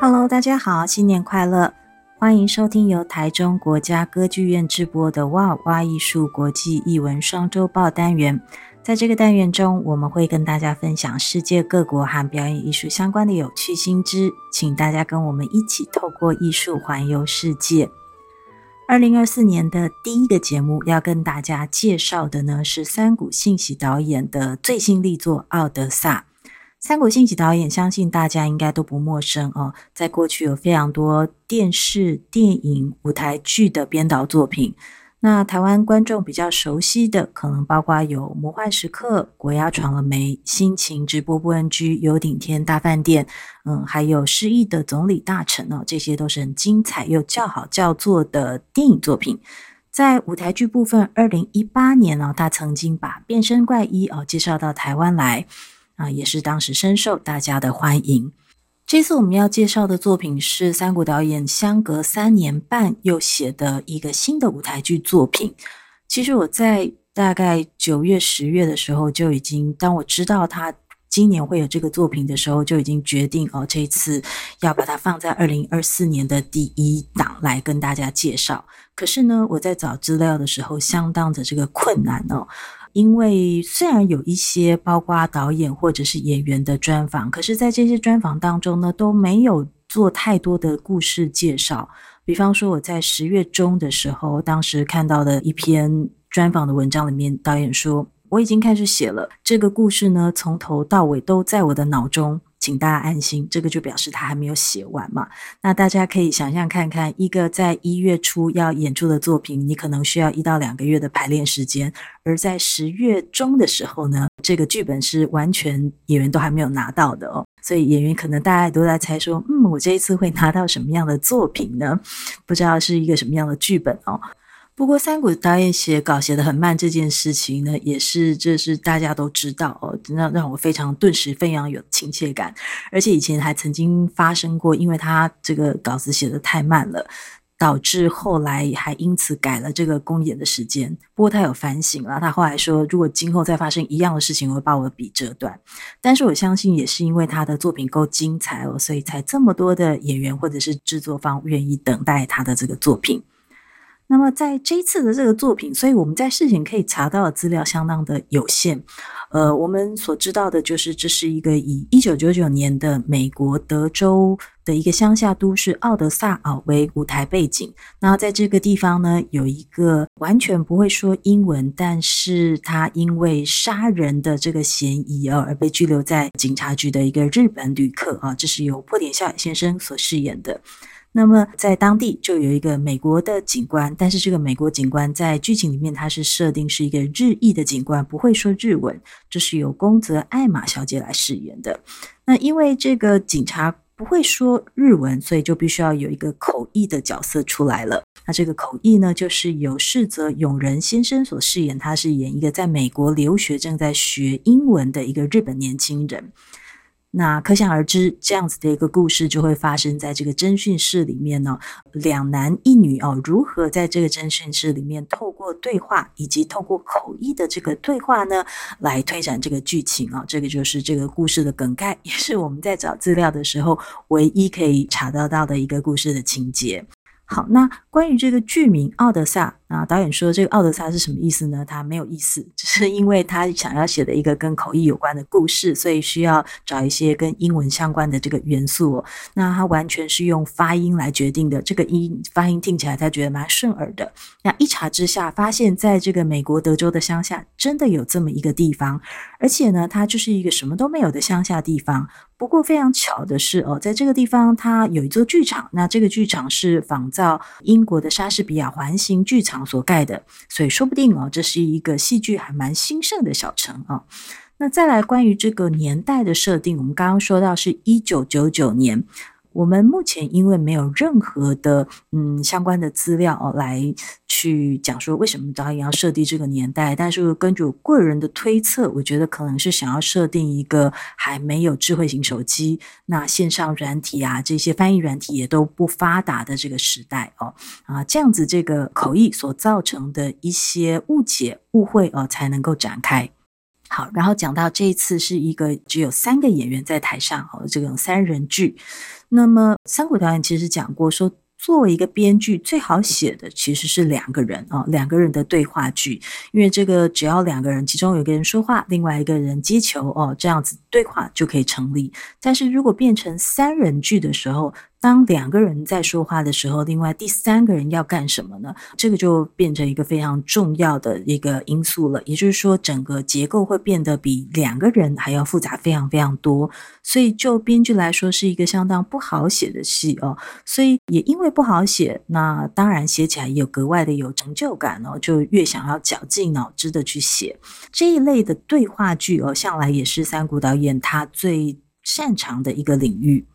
Hello，大家好，新年快樂！歡迎收聽由台中國家歌劇院制播的哇哇藝術國際藝文雙周報單元。在這個單元中，我們會跟大家分享世界各國和表演藝術相關的有趣新知，請大家跟我們一起透過藝術環遊世界。二零二四年的第一個節目要跟大家介紹的呢，是三谷幸喜導演的最新力作《奧德薩》。三國幸喜導演，相信大家應該都不陌生哦。在過去有非常多電視、電影、舞台劇的編導作品。那台灣觀眾比較熟悉的，可能包括有《魔幻時刻》《鬼壓床了沒》《心情直播不 NG》《有頂天大飯店》，嗯，還有失意的總理大臣哦，這些都是很精彩又叫好叫座的電影作品。在舞台劇部分，二零一八年哦，他曾經把《變身怪醫》哦介紹到台灣來。啊、呃，也是當時深受大家的歡迎。這次我們要介紹的作品是三谷導演相隔三年半又寫的一個新的舞台劇作品。其實我在大概九月、十月的時候就已經，當我知道他今年會有這個作品的時候，就已經決定哦，這次要把它放在二零二四年的第一檔來跟大家介紹。可是呢，我在找資料的時候相當的這個困難哦。因為雖然有一些包括導演或者是演員的專訪，可是，在這些專訪當中呢，都沒有做太多的故事介紹。比方說，我在十月中的時候，當時看到的一篇專訪的文章裡面，導演說：“我已經開始寫了，這個故事呢，從頭到尾都在我的腦中。”請大家安心，這個就表示他還沒有寫完嘛。那大家可以想象看看，一個在一月初要演出的作品，你可能需要一到兩個月的排練時間；而在十月中的時候呢，這個劇本是完全演員都還沒有拿到的哦。所以演員可能大家都在猜說，嗯，我這一次會拿到什麼樣的作品呢？不知道是一個什麼樣的劇本哦。不過，三谷導演寫稿寫得很慢這件事情呢，也是這是大家都知道哦，那讓，讓我非常頓時非常有親切感。而且以前還曾經發生過，因為他這個稿子寫得太慢了，導致後來還因此改了這個公演的時間。不過他有反省了，他後來說，如果今後再發生一樣的事情，我會把我的筆折斷。但是我相信，也是因為他的作品夠精彩哦，所以才這麼多的演員或者是制作方願意等待他的這個作品。那麼在這一次的這個作品，所以我們在事情可以查到的資料相當的有限。呃，我們所知道的就是這是一個以一九九九年的美國德州的一個鄉下都市奧德薩啊為舞台背景。那在這個地方呢，有一個完全不會說英文，但是他因為殺人的這個嫌疑啊，而被拘留在警察局的一個日本旅客啊，這是由迫田孝也先生所飾演的。那麼，在當地就有一個美國的警官，但是這個美國警官在劇情裡面他是設定是一個日裔的警官，不會說日文，這是由宮澤艾瑪小姐來飾演的。那因為這個警察不會說日文，所以就必須要有一個口譯的角色出來了。那這個口譯呢，就是由柿澤勇人先生所飾演，他是演一個在美國留學、正在學英文的一個日本年輕人。那可想而知，這樣子的一個故事就會發生在這個偵訊室裡面呢、哦。兩男一女哦，如何在這個偵訊室裡面透過對話以及透過口譯的這個對話呢，來推展這個劇情啊、哦？這個就是這個故事的梗概，也是我們在找資料的時候唯一可以查得到的一個故事的情節。好，那關於這個劇名《奧德薩》。啊，導演說這個奧德薩是什麼意思呢？他沒有意思，只是因為他想要寫的一個跟口譯有關的故事，所以需要找一些跟英文相關的這個元素哦。那他完全是用發音來決定的，這個音發音聽起來他覺得蠻順耳的。那一查之下，發現在這個美國德州的鄉下真的有這麼一個地方，而且呢，它就是一個什麼都沒有的鄉下地方。不過非常巧的是哦，在這個地方它有一座劇場，那這個劇場是仿造英國的莎士比亞環形劇場所蓋的，所以說不定啊、哦，這是一個戲劇還蠻興盛的小城啊、哦。那再來關於這個年代的設定，我們剛剛說到是一九九九年。我們目前因為沒有任何的嗯相關的資料哦，來去講說，為什麼導演要設定這個年代，但是根據我個人的推測，我覺得可能是想要設定一個還沒有智慧型手機、那線上軟體啊這些翻譯軟體也都不發達的這個時代哦，啊，這樣子這個口譯所造成的一些誤解誤會哦，才能夠展開。好，然後講到這一次是一個只有三個演員在臺上，哦，這個三人劇。那麼，三谷導演其實講過說，說作為一個編劇，最好寫的其實是兩個人，哦，兩個人的對話劇，因為這個只要兩個人，其中有一個人說話，另外一個人接球，哦，這樣子對話就可以成立。但是如果變成三人劇的時候，當兩個人在說話的時候，另外第三個人要幹什麼呢？這個就變成一個非常重要的一個因素了。也就是說，整個結構會變得比兩個人還要複雜，非常非常多。所以，就編劇來說，是一個相當不好寫的戲哦。所以也因為不好寫，那當然寫起來也有格外的有成就感哦，就越想要絞盡腦汁的去寫這一類的對話劇哦。向來也是三谷導演他最擅長的一個領域。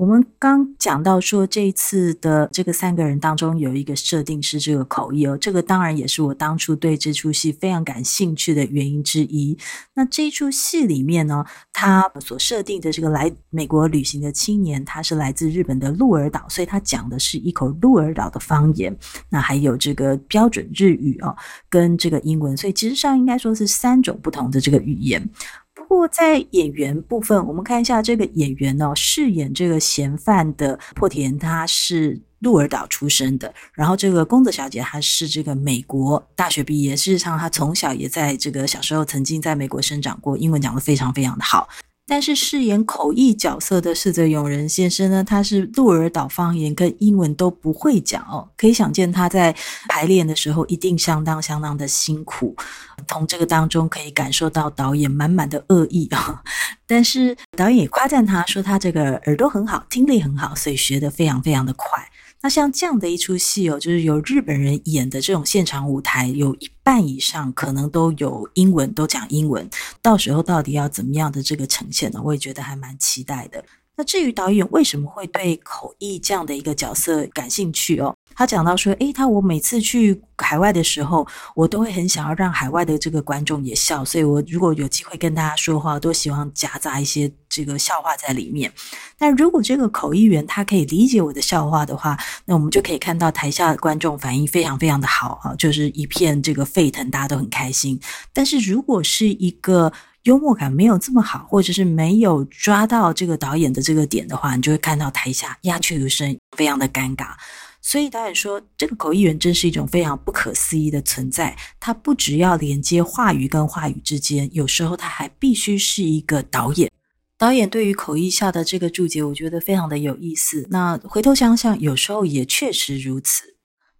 我們剛講到說，這一次的這個三個人當中有一個設定是這個口譯哦，這個當然也是我當初對這出戲非常感興趣的原因之一。那這一出戲裡面呢、哦，他所設定的這個來美國旅行的青年，他是來自日本的鹿兒島，所以他講的是一口鹿兒島的方言，那還有這個標準日語哦，跟這個英文，所以其實上應該說是三種不同的這個語言。不過在演員部分，我們看一下這個演員哦，飾演這個嫌犯的迫田，他是鹿兒島出生的。然後這個宮澤小姐，她是這個美國大學畢業，事實上她從小也在這個小時候曾經在美國生長過，英文講得非常非常的好。但是飾演口譯角色的柿澤勇人先生呢，他是鹿兒島方言跟英文都不會講哦，可以想見他在排練的時候一定相當相當的辛苦。從這個當中可以感受到導演滿滿的惡意啊、哦，但是導演也誇讚他說他這個耳朵很好，聽力很好，所以學得非常非常的快。那像這樣的一出戲哦，就是由日本人演的這種現場舞台，有一半以上可能都有英文，都講英文。到時候到底要怎麼樣的這個呈現呢？我也覺得還蠻期待的。那至於導演為什麼會對口譯這樣的一個角色感興趣哦？他講到說：“誒，他我每次去海外的時候，我都會很想要讓海外的這個觀眾也笑，所以我如果有機會跟大家說話，都希望夾雜一些這個笑話在裡面。但如果這個口譯員他可以理解我的笑話的話，那我們就可以看到台下的觀眾反應非常非常的好啊，就是一片這個沸騰，大家都很開心。但是如果是一個……幽默感沒有這麼好，或者是沒有抓到這個導演的這個點的話，你就會看到台下鴉雀無聲，非常的尷尬。所以導演說，這個口譯員真是一種非常不可思議的存在。他不只要連接話語跟話語之間，有時候他還必須是一個導演。導演對於口譯下的這個註解，我覺得非常的有意思。那回頭想想，有時候也確實如此。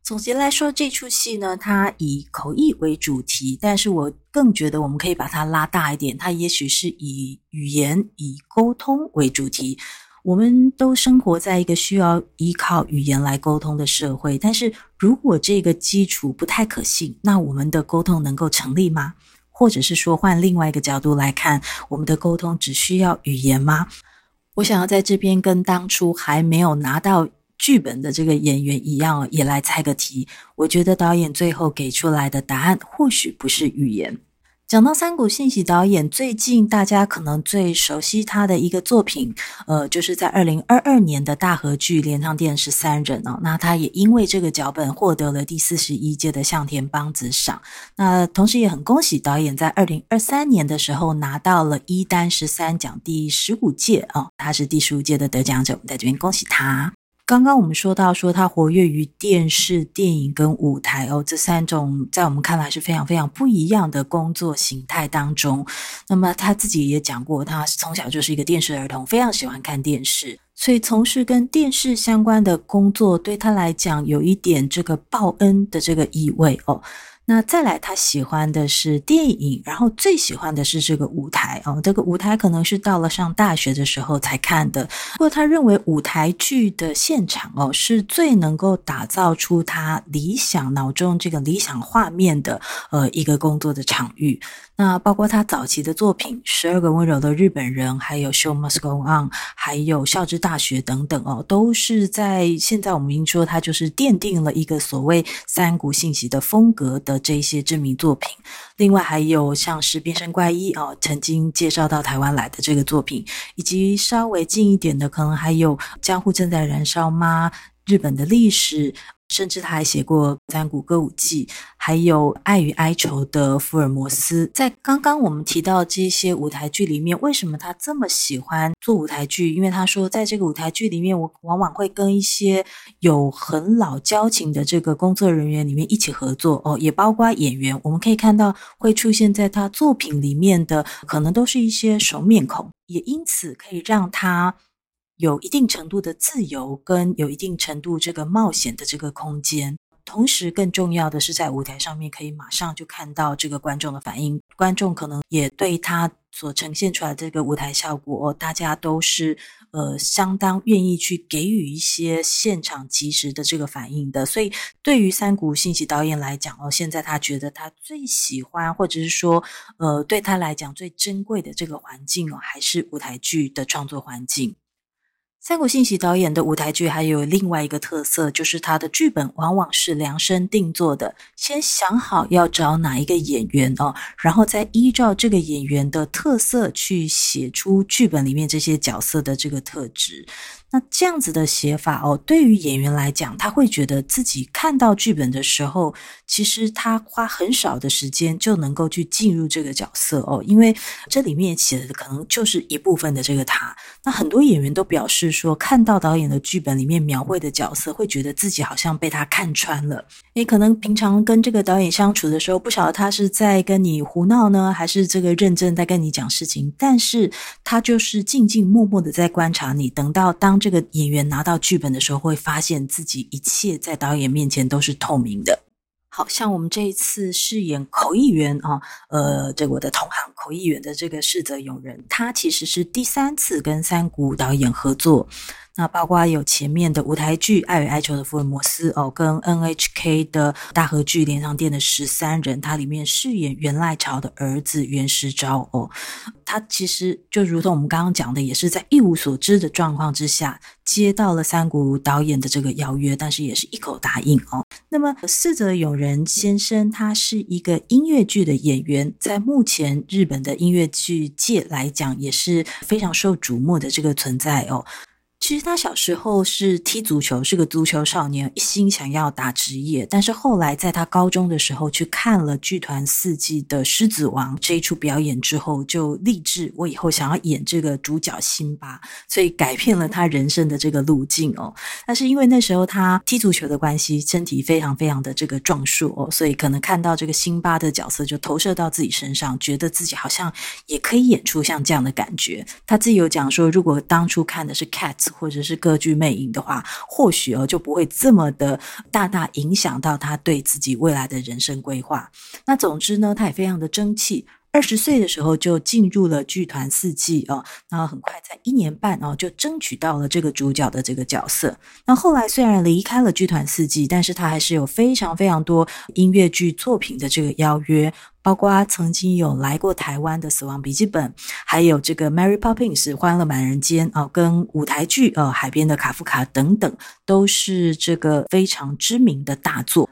總結來說，這出戲呢，它以口譯為主題，但是我更覺得我們可以把它拉大一點，它也許是以語言、以溝通為主題。我們都生活在一個需要依靠語言來溝通的社會，但是如果這個基礎不太可信，那我們的溝通能夠成立嗎？或者是說，換另外一個角度來看，我們的溝通只需要語言嗎？我想要在這邊跟當初還沒有拿到。劇本的這個演員一樣，也來猜個題。我覺得導演最後給出來的答案或許不是語言。講到三谷幸喜導演，最近大家可能最熟悉他的一個作品，呃，就是在二零二二年的大河劇《鎌倉殿十三人》哦。那他也因為這個腳本獲得了第四十一屆的向田邦子賞。那同時也很恭喜導演在二零二三年的時候拿到了伊丹十三獎第十五屆啊、哦，他是第十五屆的得獎者。我們在這邊恭喜他。剛剛我們說到，說他活躍於電視、電影跟舞台哦，這三種在我們看來是非常非常不一樣的工作形態當中。那麼他自己也講過，他從小就是一個電視兒童，非常喜歡看電視，所以從事跟電視相關的工作對他來講有一點這個報恩的這個意味哦。那再來，他喜歡的是電影，然後最喜歡的是這個舞台哦。這個舞台可能是到了上大學的時候才看的，不過他認為舞台劇的現場哦，是最能夠打造出他理想腦中這個理想畫面的呃一個工作的場域。那包括他早期的作品《十二個溫柔的日本人》，還有《Show Must Go On》，還有《笑之大學》等等哦，都是在現在我們已經說他就是奠定了一個所謂三谷幸喜的風格的。這一些知名作品，另外還有像是《變身怪醫》啊，曾經介紹到台灣來的這個作品，以及稍微近一點的，可能還有《江戶正在燃燒》嗎？日本的歷史。甚至他還寫過《三谷歌舞伎》，還有《愛與哀愁》的福爾摩斯。在剛剛我們提到這些舞台劇裡面，為什麼他這麼喜歡做舞台劇？因為他說，在這個舞台劇裡面，我往往會跟一些有很老交情的這個工作人員裡面一起合作哦，也包括演員。我們可以看到，會出現在他作品裡面的，可能都是一些熟面孔，也因此可以讓他，有一定程度的自由跟有一定程度這個冒險的這個空間，同時更重要的是在舞台上面可以馬上就看到這個觀眾的反應，觀眾可能也對他所呈現出來的這個舞台效果，哦，大家都是呃相當願意去給予一些現場即時的這個反應的。所以對於三谷幸喜導演來講哦，現在他覺得他最喜歡或者是說呃對他來講最珍貴的這個環境哦，還是舞台劇的創作環境。三谷幸喜導演的舞台劇還有另外一個特色，就是他的劇本往往是量身定做的。先想好要找哪一個演員哦，然後再依照這個演員的特色去寫出劇本裡面這些角色的這個特質。那這樣子的寫法哦，對於演員來講，他會覺得自己看到劇本的時候，其實他花很少的時間就能夠去進入這個角色哦，因為這裡面寫的可能就是一部分的這個他。那很多演員都表示說，看到導演的劇本裡面描繪的角色，會覺得自己好像被他看穿了。你可能平常跟這個導演相處的時候，不曉得他是在跟你胡鬧呢，還是這個認真在跟你講事情，但是他就是靜靜默默的在觀察你，等到當。這個演員拿到劇本的時候，會發現自己一切在導演面前都是透明的，好像我們這一次飾演口譯員啊、哦，呃，這個、我的同行口譯員的這個柿澤勇人，他其實是第三次跟三谷導演合作。那包括有前面的舞台劇《愛與哀愁的福爾摩斯》哦，跟 NHK 的大河劇《鎌倉殿的十三人》，他裡面飾演源賴朝的兒子源實朝哦。他其實就如同我們剛剛講的，也是在一無所知的狀況之下接到了三谷導演的這個邀約，但是也是一口答應哦。那麼柿澤勇人先生，他是一個音樂劇的演員，在目前日本的音樂劇界來講也是非常受矚目的這個存在哦。其實他小時候是踢足球，是個足球少年，一心想要打職業。但是後來在他高中的時候，去看了劇團四季的《獅子王》這一出表演之後，就立志我以後想要演這個主角辛巴，所以改變了他人生的這個路徑哦。但是因為那時候他踢足球的關係，身體非常非常的這個壯碩哦，所以可能看到這個辛巴的角色就投射到自己身上，覺得自己好像也可以演出像這樣的感覺。他自己有講說，如果當初看的是《Cats》。或者是歌劇魅影的話，或許就不會這麼的大大影響到他對自己未來的人生規劃。那總之呢，他也非常的爭氣。二十歲的時候就進入了劇團四季哦，然後很快在一年半哦就爭取到了這個主角的這個角色。那後來雖然離開了劇團四季，但是他還是有非常非常多音樂劇作品的這個邀約，包括曾經有來過台灣的《死亡筆記本》，還有這個《Mary Poppins》《歡樂滿人間》啊，跟舞台劇呃《海邊的卡夫卡》等等，都是這個非常知名的大作。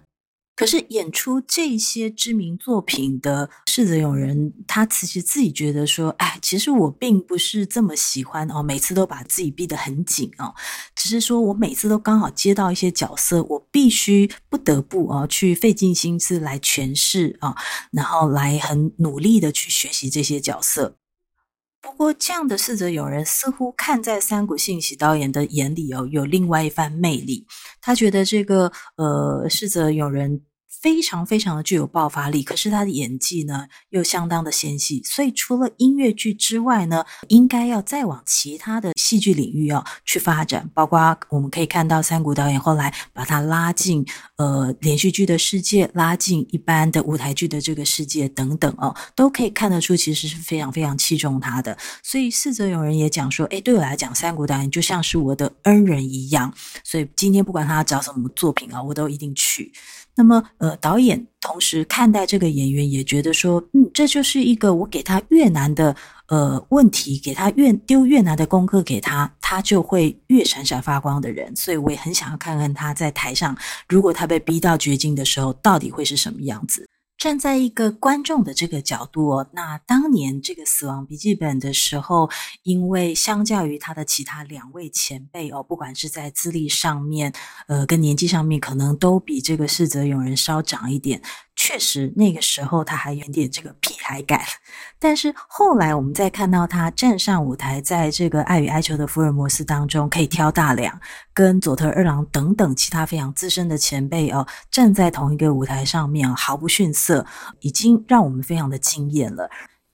可是演出這些知名作品的柿澤勇人，他其實自己覺得說，哎，其實我並不是這麼喜歡哦，每次都把自己逼得很緊哦，只是說我每次都剛好接到一些角色，我必須不得不哦去費盡心思來詮釋啊、哦，然後來很努力的去學習這些角色。不過這樣的柿澤勇人似乎看在三谷幸喜導演的眼裡哦，有另外一番魅力。他覺得這個呃柿澤勇人。非常非常的具有爆發力，可是他的演技呢又相當的纖細，所以除了音樂劇之外呢，應該要再往其他的戲劇領域啊、哦、去發展。包括我們可以看到三谷導演後來把他拉進呃連續劇的世界，拉進一般的舞台劇的這個世界等等哦，都可以看得出其實是非常非常器重他的。所以柿澤勇人也講說，哎，對我來講，三谷導演就像是我的恩人一樣。所以今天不管他找什麼作品啊，我都一定去。那麼呃。呃，導演同時看待這個演員，也覺得說，嗯，這就是一個我給他越難的呃問題，給他越丟越難的功課給他，他就會越閃閃發光的人。所以我也很想要看看他在台上，如果他被逼到絕境的時候，到底會是什麼樣子。站在一個觀眾的這個角度哦，那當年這個《死亡筆記本》的時候，因為相較於他的其他兩位前輩哦，不管是在資歷上面，呃，跟年紀上面，可能都比這個柿澤勇人稍長一點。確實，那個時候他還有點這個屁孩感，但是後來我們再看到他站上舞台，在這個《愛與哀愁的福爾摩斯》當中，可以挑大梁，跟佐藤二郎等等其他非常資深的前輩哦，站在同一個舞台上面，啊、毫不遜色，已經讓我們非常的驚艷了。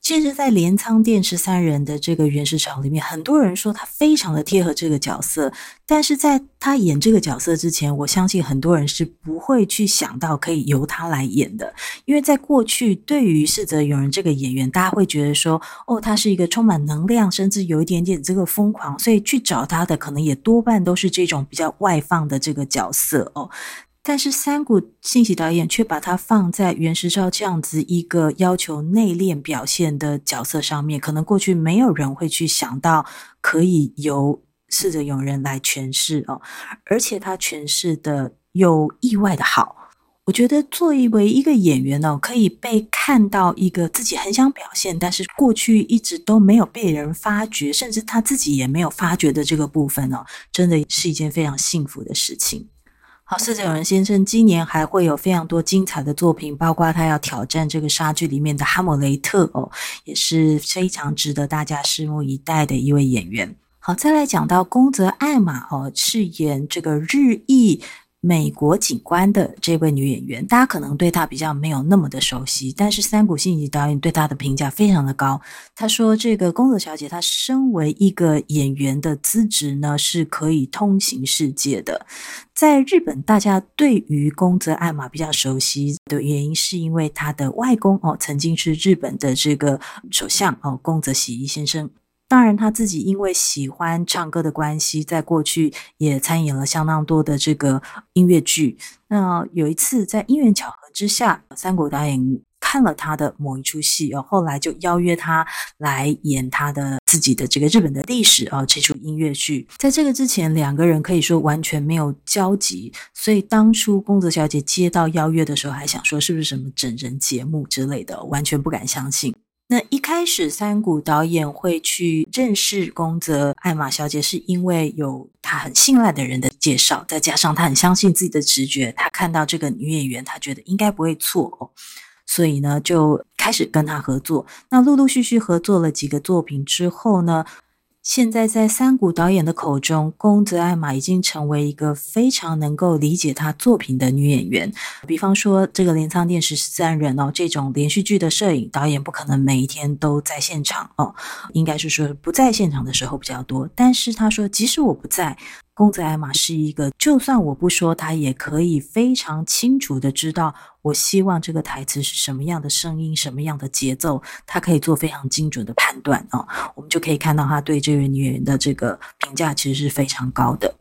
其實，在鎌倉殿十三人的這個源實朝裡面，很多人說他非常的貼合這個角色，但是在他演這個角色之前，我相信很多人是不會去想到可以由他來演的，因為在過去對於柿澤勇人這個演員，大家會覺得說，哦，他是一個充滿能量，甚至有一點點這個瘋狂，所以去找他的可能也多半都是這種比較外放的這個角色，哦。但是三谷幸喜導演卻把它放在袁石昭這樣子一個要求內斂表現的角色上面，可能過去沒有人會去想到可以由柿澤勇人來詮釋哦，而且他詮釋的又意外的好。我覺得作為一,一個演員哦，可以被看到一個自己很想表現，但是過去一直都沒有被人發覺，甚至他自己也沒有發覺的這個部分哦，真的是一件非常幸福的事情。好，柿澤勇人先生今年還會有非常多精彩的作品，包括他要挑戰這個莎劇裡面的哈姆雷特哦，也是非常值得大家拭目以待的一位演員。好，再來講到宮澤艾瑪哦，飾演這個日裔。美國警官的這位女演員，大家可能對她比較沒有那麼的熟悉，但是三谷幸喜導演對她的評價非常的高。他說：“這個宮澤小姐，她身為一個演員的資質呢，是可以通行世界的。在日本，大家對於宮澤艾瑪比較熟悉的原因，是因為她的外公哦，曾經是日本的這個首相哦，宮澤喜一先生。”當然，他自己因為喜歡唱歌的關係，在過去也參演了相當多的這個音樂劇。那有一次在因緣巧合之下，三谷導演看了他的某一出戲，然後來就邀約他來演他的自己的這個日本的歷史啊這出音樂劇。在這個之前，兩個人可以說完全沒有交集，所以當初宮澤小姐接到邀約的時候，還想說是不是什麼整人節目之類的，完全不敢相信。那一開始，三谷導演會去認識宮澤艾瑪小姐，是因為有他很信賴的人的介紹，再加上他很相信自己的直覺，他看到這個女演員，他覺得應該不會錯哦，所以呢，就開始跟她合作。那陸陸續續合作了幾個作品之後呢？現在在三谷導演的口中，宮澤艾瑪已經成為一個非常能夠理解他作品的女演員。比方說，這個《鎌倉殿十三人》哦，這種連續劇的攝影導演不可能每一天都在現場哦，應該是說不在現場的時候比較多。但是他說，即使我不在。宮澤艾瑪是一個，就算我不說，他也可以非常清楚的知道我希望這個台詞是什麼樣的聲音，什麼樣的節奏，他可以做非常精準的判斷啊、哦。我們就可以看到他對這位女演員的這個評價其實是非常高的。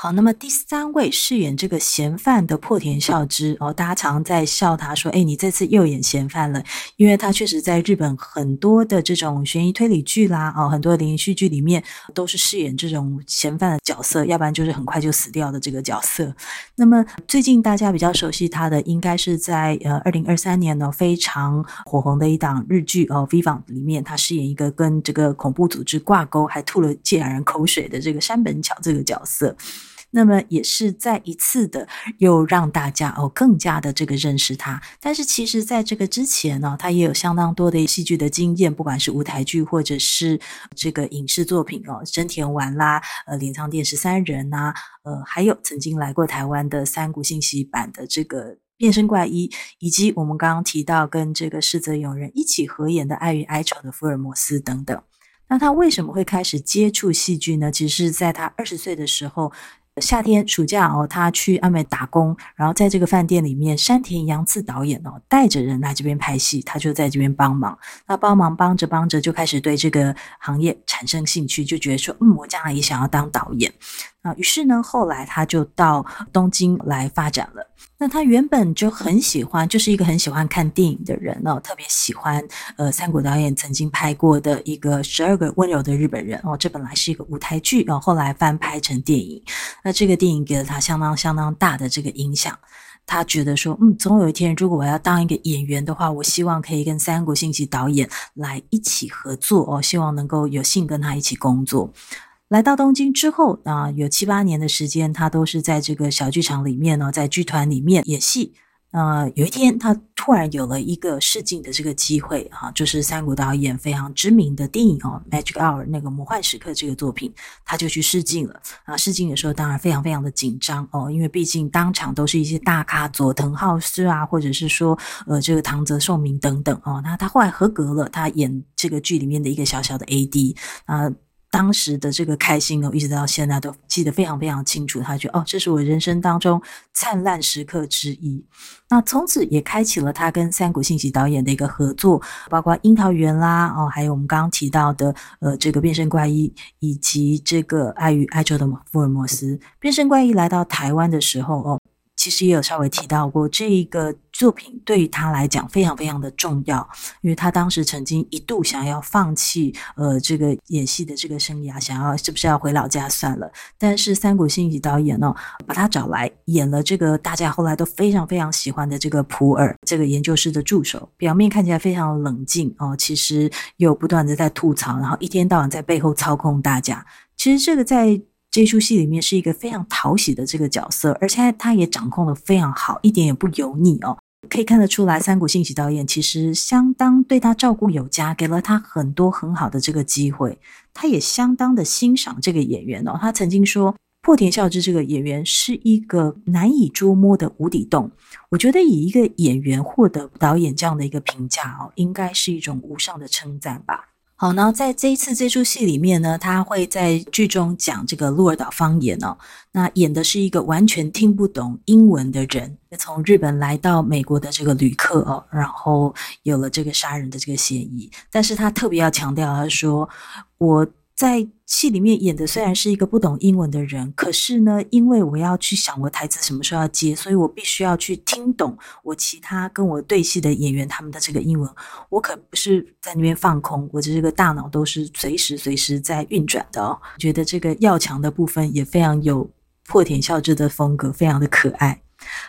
好，那麼第三位飾演這個嫌犯的迫田孝也哦，大家常在笑他說：“誒，你這次又演嫌犯了。”因為他確實在日本很多的這種懸疑推理劇啦，哦，很多的連續劇裡面都是飾演這種嫌犯的角色，要不然就是很快就死掉的這個角色。那麼最近大家比較熟悉他的，應該是在呃二零二三年呢非常火紅的一檔日劇哦《VIVANT》裡面，他飾演一個跟這個恐怖組織掛鈎，還吐了幾百人口水的這個山本巧這個角色。那麼也是再一次的，又讓大家哦更加的這個認識他。但是其實在這個之前呢、哦，他也有相當多的戲劇的經驗，不管是舞台劇或者是這個影視作品哦，真田丸啦，呃，鎌倉殿十三人啦、啊，呃，還有曾經來過台灣的三股信息版的這個變身怪醫，以及我們剛剛提到跟這個柿澤勇人一起合演的《愛與哀愁》的福爾摩斯等等。那他為什麼會開始接觸戲劇呢？其實是在他二十歲的時候。夏天暑假哦，他去外面打工，然後在這個飯店裡面，山田洋次導演哦，帶着人來這邊拍戲，他就在這邊幫忙。他幫忙幫着幫着，就開始對這個行業產生興趣，就覺得說，嗯，我將來也想要當導演。於是呢，後來他就到東京來發展了。那他原本就很喜歡，就是一個很喜歡看電影的人哦，特別喜歡呃，三谷導演曾經拍過的一個《十二個溫柔的日本人》哦，這本來是一個舞台劇，然後後來翻拍成電影。那這個電影給了他相當相當大的這個影響。他覺得說，嗯，總有一天，如果我要當一個演員的話，我希望可以跟三谷幸喜導演來一起合作哦，希望能夠有幸跟他一起工作。來到東京之後啊、呃，有七八年的時間，他都是在這個小劇場裡面呢、哦，在劇團裡面演戲。啊、呃，有一天他突然有了一個試鏡的這個機會啊，就是三谷導演非常知名的電影哦，《Magic Hour》那個魔幻時刻這個作品，他就去試鏡了。啊，試鏡的時候當然非常非常的緊張哦，因為畢竟當場都是一些大咖，佐藤浩市啊，或者是說呃這個唐澤壽明等等哦。那他後來合格了，他演這個劇裡面的一個小小的 A D 啊。當時的這個開心哦，一直到現在都記得非常非常清楚。他覺得哦，這是我人生當中燦爛時刻之一。那從此也開啟了他跟三谷幸喜導演的一個合作，包括《櫻桃園》啦，哦，還有我們剛剛提到的呃這個《變身怪醫》，以及這個《愛與哀愁的福爾摩斯》。《變身怪醫》來到台灣的時候哦，其實也有稍微提到過，這一個作品對於他來講非常非常的重要，因為他當時曾經一度想要放棄，呃，這個演戲的這個生涯，想要是不是要回老家算了。但是三谷幸喜導演呢，哦，把他找來演了這個大家後來都非常非常喜歡的這個普爾這個研究室的助手，表面看起來非常冷靜哦，其實又不斷的在吐槽，然後一天到晚在背後操控大家。其實這個在。這一出戲裡面是一個非常討喜的這個角色，而且他也掌控的非常好，一點也不油膩哦，可以看得出來，三谷幸喜導演其實相當對他照顧有加，給了他很多很好的這個機會，他也相當的欣賞這個演員哦。他曾經說迫田孝也這個演員是一個難以捉摸的無底洞，我覺得以一個演員獲得導演這樣的一個評價哦，應該是一種無上的稱讚吧。好呢，在這一次這齣戲裡面呢，他會在劇中講這個鹿兒島方言哦。那演的是一個完全聽不懂英文的人，從日本來到美國的這個旅客哦，然後有了這個殺人的這個嫌疑。但是他特別要強調，他說我。在戲裡面演的雖然是一個不懂英文的人，可是呢，因為我要去想我台詞什麼時候要接，所以我必須要去聽懂我其他跟我對戲的演員他們的這個英文。我可不是在那邊放空，我的這個大腦都是隨時隨時在運轉的哦。覺得這個要強的部分也非常有迫田孝也的風格，非常的可愛。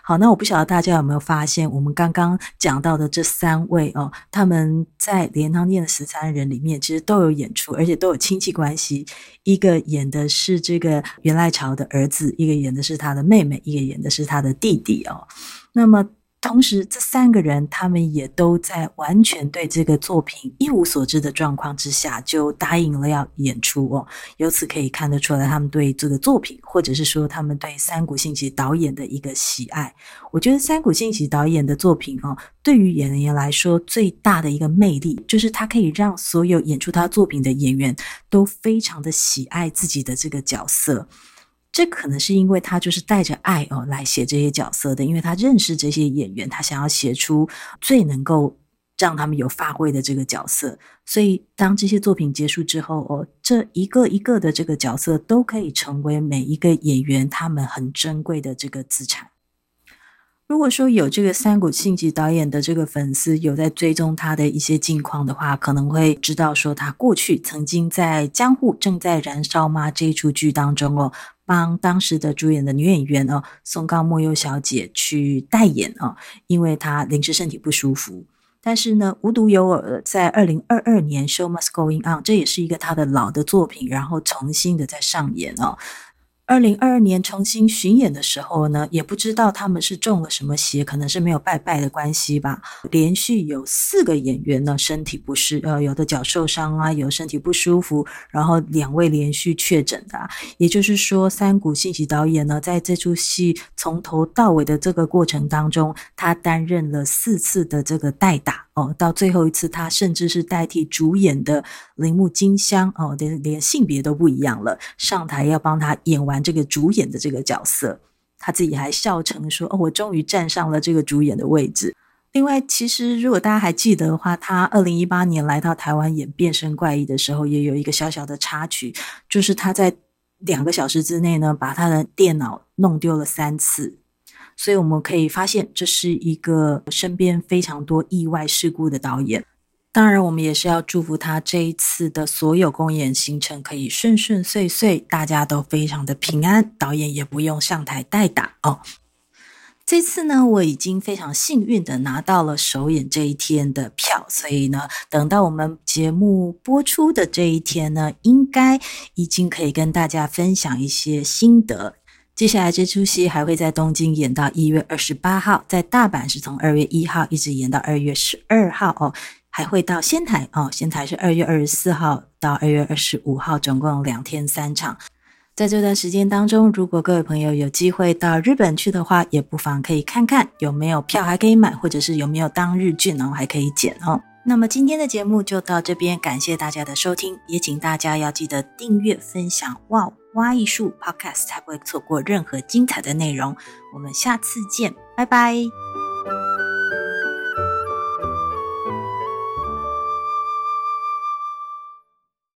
好，那我不曉得大家有沒有發現，我們剛剛講到的這三位哦，他們在鎌倉殿的十三人裡面，其實都有演出，而且都有親戚關係。一個演的是這個源賴朝的兒子，一個演的是他的妹妹，一個演的是他的弟弟哦。那麼。同時，這三個人他們也都在完全對這個作品一無所知的狀況之下，就答應了要演出哦。由此可以看得出來，他們對這個作品，或者是說他們對三谷幸喜導演的一個喜愛。我覺得三谷幸喜導演的作品哦，對於演員來說最大的一個魅力，就是他可以讓所有演出他作品的演員都非常的喜愛自己的這個角色。這可能是因為他就是帶着愛哦來寫這些角色的，因為他認識這些演員，他想要寫出最能夠讓他們有發揮的這個角色。所以當這些作品結束之後哦，這一個一個的這個角色都可以成為每一個演員他們很珍貴的這個資產。如果說有這個三谷幸喜導演的這個粉絲有在追蹤他的一些近況的話，可能會知道說他過去曾經在《江戶正在燃燒嗎》嗎這一出劇當中哦。幫當時的主演的女演員哦，松岡茉優小姐去代演哦，因為她臨時身體不舒服。但是呢，無獨有偶，在二零二二年《Show Must Go On》，這也是一個她的老的作品，然後重新的在上演哦。二零二二年重新巡演的時候呢，也不知道他們是中了什麼邪，可能是沒有拜拜的關係吧。連續有四個演員呢，身體不適，呃，有的腳受傷啊，有身體不舒服，然後兩位連續確診的。啊，也就是說，三谷幸喜導演呢，在這出戲從頭到尾的這個過程當中，他擔任了四次的這個代打哦。到最後一次，他甚至是代替主演的鈴木京香哦，連連性別都不一樣了，上台要幫他演完。這個主演的這個角色，他自己還笑稱說：“哦，我終於站上了這個主演的位置。”另外，其實如果大家還記得的話，他二零一八年來到台灣演《變身怪醫》的時候，也有一個小小的插曲，就是他在兩個小時之內呢，把他的電腦弄丟了三次。所以我們可以發現，這是一個身邊非常多意外事故的導演。當然，我們也是要祝福他這一次的所有公演行程可以順順遂遂。大家都非常的平安，導演也不用上台代打哦。這次呢，我已經非常幸運的拿到了首演這一天的票，所以呢，等到我們節目播出的這一天呢，應該已經可以跟大家分享一些心得。接下來這出戲還會在東京演到一月二十八號，在大阪是從二月一號一直演到二月十二號哦。才會到仙台哦，仙台是二月二十四號到二月二十五號，總共兩天三場。在這段時間當中，如果各位朋友有機會到日本去的話，也不妨可以看看有沒有票還可以買，或者是有沒有當日券，然後還可以撿哦。那麼今天的節目就到這邊，感謝大家的收聽，也請大家要記得訂閱、分享《哇挖藝術 Podcast》，Pod 才不會錯過任何精彩的內容。我們下次見，拜拜。